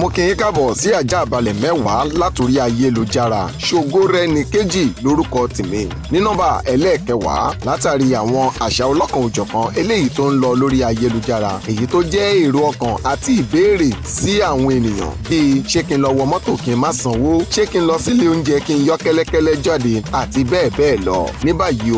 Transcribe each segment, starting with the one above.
mo kì í káàbọ̀ sí àjà àbálẹ̀ mẹ́wàá látòrí ayélujára ṣògo rẹni kejì lórúkọ tèmi ní nọ́mbà ẹlẹ́ẹ̀kẹwàá látàrí àwọn àṣà ọlọ́kan òjọ̀kan eléyìí tó ń lọ lórí ayélujára èyí tó jẹ́ èrò ọkàn àti ìbéèrè sí àwọn ènìyàn bíi ṣé kí n lọ wọ mọ́tò kí n má sanwó ṣé kí n lọ sílé oúnjẹ kí n yọ kẹ́lẹ́kẹ́lẹ́ jáde àti bẹ́ẹ̀ bẹ́ẹ̀ lọ ní báyìí o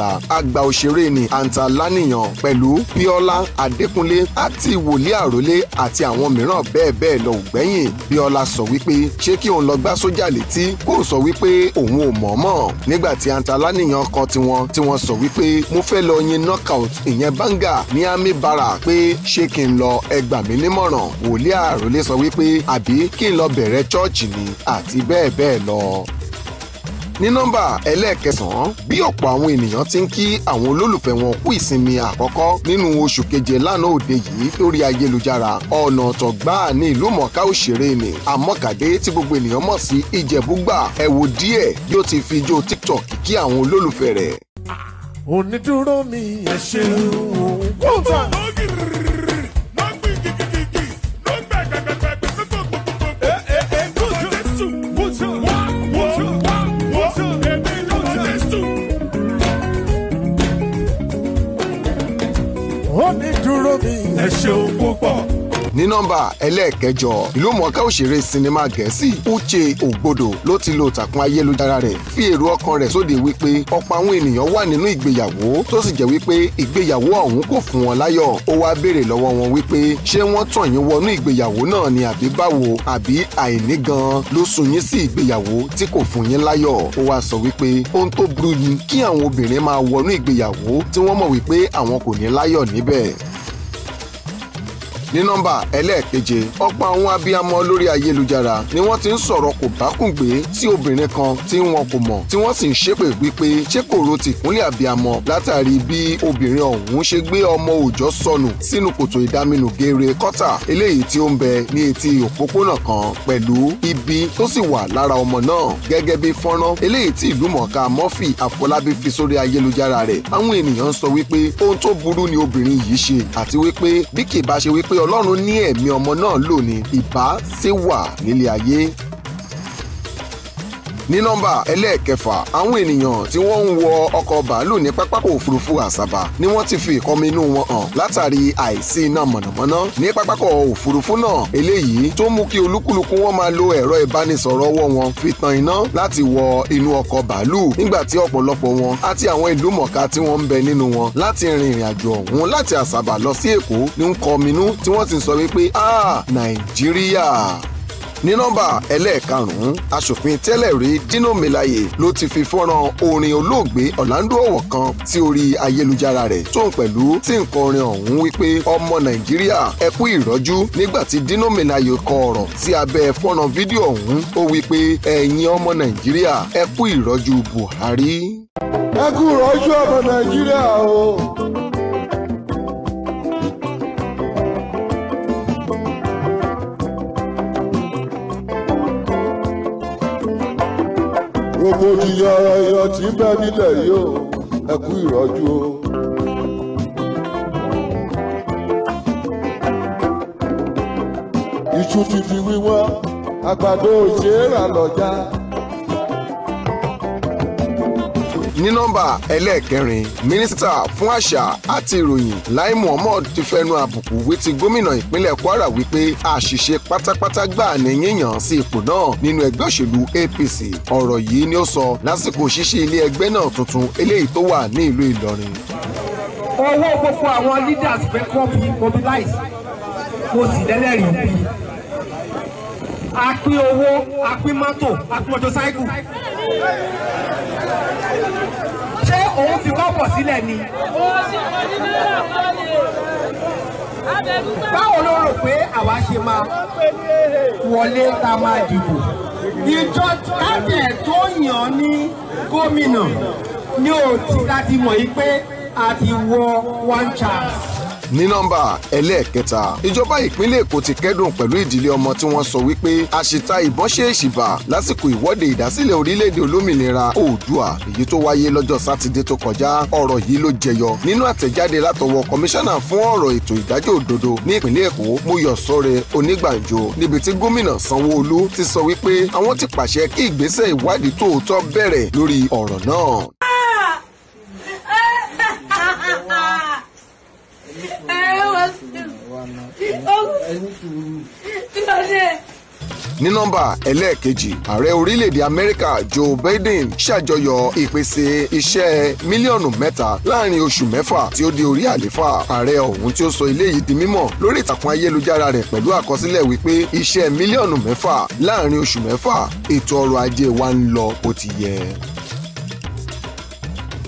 ọ̀pọ̀ àgbà òṣèré ni anta lánìyàn pẹ̀lú bíọ́lá adékúnlé àti wòlíì àrólé àti àwọn mìíràn bẹ́ẹ̀ bẹ́ẹ̀ lọ ògbẹ́yìn bíọ́lá sọ wípé ṣé kí òun lọ gbá sójà létí kó sọ wípé òun ò mọ̀ọ́mọ̀ nígbà tí anta lánìyàn kọ tiwọn tí wọ́n sọ wípé mo fẹ́ lọ yin knockout ìyẹn banga ní ami bara pé ṣé kí n lọ ẹ gbà mí nímọ̀ràn wòlíì àrólé sọ wípé àbí kí n lọ bẹ̀rẹ̀ chọ́ọ̀chì ní nọ́mbà ẹlẹ́ẹ̀kẹsàn-án bí ọ̀pọ̀ àwọn ènìyàn ti ń kí àwọn olólùfẹ́ wọn kú ìsinmi àkọ́kọ́ nínú oṣù keje lánàá òde yìí lórí ayélujára ọ̀nà ọ̀tọ̀ gbáà ní ìlú mọ̀ọ́ká òṣèré ni àmọ́kàdé tí gbogbo ènìyàn mọ̀ sí ìjẹ̀búgbà ẹ díẹ̀ bí ti fi ijó tiktok kí àwọn olólùfẹ́ rẹ̀. onídùúró mi ẹ ṣeun kóńtà. ẹ ṣeun púpọ̀ ní nọ́mbà ẹlẹ́ẹ̀kẹjọ ìlúmọ̀ọ́ká òṣèré sinimá gẹ̀ẹ́sì uche ògbódò ló ti lo ìtàkùn ayélujára rẹ̀ fi èrò ọkàn rẹ̀ sóde wípé ọ̀pọ̀ àwọn ènìyàn wà nínú ìgbéyàwó tó sì jẹ́ wípé ìgbéyàwó ọ̀hún kò fún wọn láyọ̀ ó wá béèrè lọ́wọ́ wọn wípé ṣé wọ́n tàn yín wọnú ìgbéyàwó náà ni àbí báwo àbí àìní gan ló sún yín sí ìgbéyàwó tí kò fún yín láyọ̀ ó wá sọ wípé ohun tó burú ni kí àwọn obìnrin máa wọnú ìgbéyàwó tí wọ́n mọ̀ wípé àwọn kò ní láyọ̀ níbẹ̀ ní nọ́mbà ẹlẹ́ẹ̀keje ọ̀pọ̀ àwọn abiyamọ lórí ayélujára ni wọ́n ti ń sọ̀rọ̀ kò bákùngbé tí obìnrin kan tí wọn kò mọ̀ tí wọ́n sì ń ṣépè wípé ṣé kòró ti kúnlẹ̀ abiyamọ látàrí bí obìnrin ọ̀hún ṣe gbé ọmọ òòjọ́ sọnù sínú kòtò ìdáminù geere kọ́tà eléyìí tí ó ń bẹ ní etí òpópónà kan pẹ̀lú ibi tó sì wà lára ọmọ náà gẹ́gẹ́ bí fọ́nrán eléyìí tí ìlú mọ̀ọ́ká Murphy Àfọlábí fi sórí ayélujára rẹ̀ àwọn ènìyàn ń sọ wípé ohun tó burú ni obìnrin yìí ṣe àti wípé bí kì ọlọ́run ní ẹ̀mí ọmọ náà lò ní ìbá ṣe wà nílé ayé ní nọ́mbà ẹlẹ́ẹ̀kẹfà àwọn ènìyàn tí wọ́n ń wọ ọkọ̀ bàálù ní pápákọ̀ òfurufú àsàbà ni wọ́n ti fi ìkọminú wọn hàn látàrí àìsí iná mọ̀nàmọ́ná ní pápákọ̀ òfurufú náà eléyìí tó mú kí olúkúlùkù wọn máa lo ẹ̀rọ ìbánisọ̀rọ̀ ọwọ́ wọn fi tan iná láti wọ inú ọkọ̀ bàálù nígbà tí ọ̀pọ̀lọpọ̀ wọn àti àwọn ìlú mọ̀ká tí wọ́n ń bẹ nínú wọn láti rin ìrìn àjò ọ̀hún láti àsàbà lọ sí èkó ní ń kọminú tí wọ́n ti sọ wípé ah nàìjíríà ní nọ́mbà ẹlẹ́ẹ̀karùn-ún aṣòfin tẹ́lẹ̀ rí Dino Melaye ló ti fi fọ́nrán orin olóògbé Ọ̀làǹdó Ọ̀wọ̀ kan sí orí ayélujára rẹ̀ tóun pẹ̀lú tí nǹkan orin ọ̀hún wípé ọmọ Nàìjíríà ẹ kú ìrọ́jú nígbà tí Dino Melaye kọ ọ̀rọ̀ sí abẹ́ fọ́nrán fídíò ọ̀hún ó wípé ẹ̀yin ọmọ Nàìjíríà ẹ kú ìrọ́jú Buhari. ẹ kú ìrọ́jú ọmọ Nàìjíríà o rògbòdìyàn ọ̀rọ̀ èèyàn tí ń bẹ nílẹ̀ yìí o ẹ kú ìrọ́jú o. iṣu ti di wíwọ́n àgbàdo òṣèré rà ní nọ́mbà ẹlẹ́ẹ̀kẹrin mínísítà fún àṣà àti ìròyìn Lai Muhammed ti fẹnu àbùkù wé ti gómìnà ìpínlẹ̀ Kwara wípé àṣìṣe pátápátá gbà ní yíyàn sí ipò náà nínú ẹgbẹ́ òṣèlú APC ọ̀rọ̀ yìí ni ó sọ lásìkò ṣíṣí ilé ẹgbẹ́ náà tuntun eléyìí tó wà ní ìlú Ìlọrin. owó gbogbo àwọn leaders fẹ́ kọ́ bí mobilize kò sì lẹ́lẹ́rìí bí a pín owó a pín mọ́tò a pín mọ́tò ṣé òun fi wọ́pọ̀ sílẹ̀ ni. báwo ló rò pé àwa ṣe máa wọlé tá a máa dìbò ìjọ kábíyè tó yàn ní gómìnà ni ó ti láti mọ̀ yí pé a ti wọ one chance ní nọ́mbà ẹlẹ́ẹ̀kẹta ìjọba ìpínlẹ̀ Èkó ti kẹ́dùn pẹ̀lú ìdílé ọmọ tí wọ́n sọ wípé àṣìta ìbọn ṣèèṣì bà lásìkò ìwọ́de ìdásílẹ̀ orílẹ̀-èdè olómìnira Oòduà èyí tó wáyé lọ́jọ́ sátidé tó kọjá ọ̀rọ̀ yìí ló jẹyọ nínú àtẹ̀jáde látọwọ́ kọmíṣánná fún ọ̀rọ̀ ètò ìdájọ́ òdodo ní ìpínlẹ̀ Èkó Mọ́yọ̀sọ́rẹ́ Onígbànjo níbi tí gómìnà Sanwó-Olú ti sọ wípé àwọn ti pàṣẹ kí ìgbésẹ̀ ìwádìí tòótọ́ bẹ̀rẹ̀ lórí ọ̀rọ̀ náà. ní nọ́mbà ẹlẹ́ẹ̀kejì ààrẹ orílẹ̀-èdè amẹ́ríkà joe biden ṣàjọyọ̀ ìpèsè iṣẹ́ mílíọ̀nù mẹ́ta láàrin oṣù mẹ́fà tí ó di orí àléfà ààrẹ ọ̀hún tí ó sọ eléyìí di mímọ̀ lórí ìtàkùn ayélujára rẹ̀ pẹ̀lú àkọsílẹ̀ wípé iṣẹ́ mílíọ̀nù mẹ́fà láàrin oṣù mẹ́fà ètò ọrọ̀ ajé wa ń lọ bó ti yẹ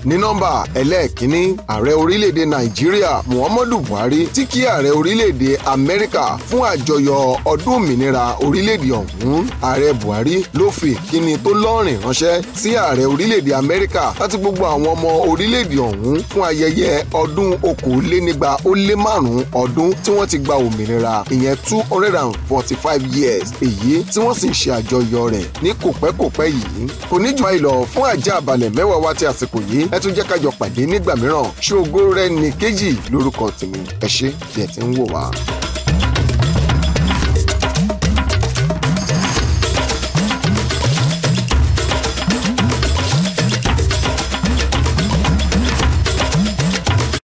ní nọ́mbà ẹlẹ́ẹ̀kínní ààrẹ orílẹ̀-èdè nàìjíríà muhammadu buhari tí kí ààrẹ orílẹ̀-èdè amẹ́ríkà fún àjọyọ̀ ọdún òmìnira orílẹ̀-èdè ọ̀hún ààrẹ buhari ló fi ìkíni tó lọ́rìn ránṣẹ́ sí ààrẹ orílẹ̀-èdè amẹ́ríkà láti gbogbo àwọn ọmọ orílẹ̀-èdè ọ̀hún fún ayẹyẹ ọdún okòólénígba ó lé márùn-ún ọdún tí wọ́n ti gba òmìnira ìyẹn two hundred and forty five years èyí tí wọ́n sì ń ṣe àjọyọ̀ rẹ̀ ní kòpẹ́kòpẹ́ yìí kò ní jù báyìí lọ fún àjẹ́ àbálẹ̀ mẹ́wàá wa ti àsìkò yìí ẹ tún jẹ́ kájọ pàdé nígbà mìíràn ṣògo rẹ̀ nìkejì lórúkọ tèmi ẹ ṣé bí ẹ ti ń wò wá.